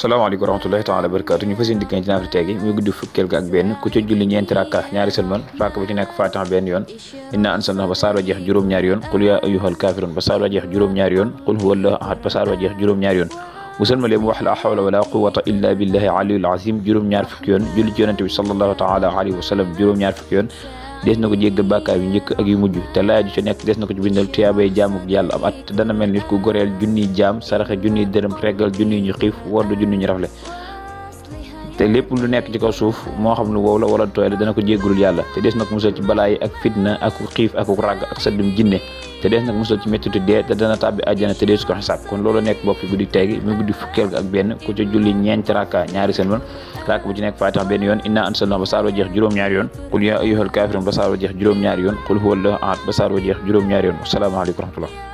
salaamaaleykum wa rahmatullahi taala barakaatu ñu fas yéene dikkee ci naafila tey gi muy guddi fukkeel ga ak benn ku ca julli ñeenti rakka ñaari sëlmal rakk bu ci nekk faatiha benn yoon inna ansalnahu ba saar wa jeex juróom-ñaari yoon qul yaa ayyuhal kaafiruun ba saar wa jeex juróom-ñaari yoon qul huwa allahu ahad ba saar wa jeex juróom-ñaari yoon bu sëlmalee mu wax la hawla wala quwwata illa billahi aliyul azim juróom-ñaar fukki yoon julli ci yonente bi sallallahu taala alayhi wa sallam juróom-ñaar fukki yoon des na ko jéggal bàkkaar bi njëkk ak yu mujj te laaj ju ci nekk des na ko ci bindal tuyaabay jaamu yàlla am at te dana mel nit ku goreel junniy jaam saraxe junniy dërëm reggal junniy ñu xiif wordu junniy ñu rafle te lépp lu nekk ci kaw suuf moo xam lu wow la wala dana ko jéggalul yàlla te des na ko musal ci balaa yi ak fitna ak xiif ak ràgg ak saddum jinne te des nag musal ci méttitu dee te dana tàbbi àjjana te deesu ko xisaab kon loolu nekk bokk guddi tey gi mu guddi fukkeel ak benn ku ca julli ñeenti rakka ñaari seen man rakk bu ci nekk fatiha benn yoon inna ansalna ba saar wa jeex juróom-ñaari yoon qul yaa ayyuhal kaafiruun ba saar wa juróom-ñaari yoon qul huwallahu ahad ba saar juróom-ñaari yoon wasalaamaaleykum wa rahmatullah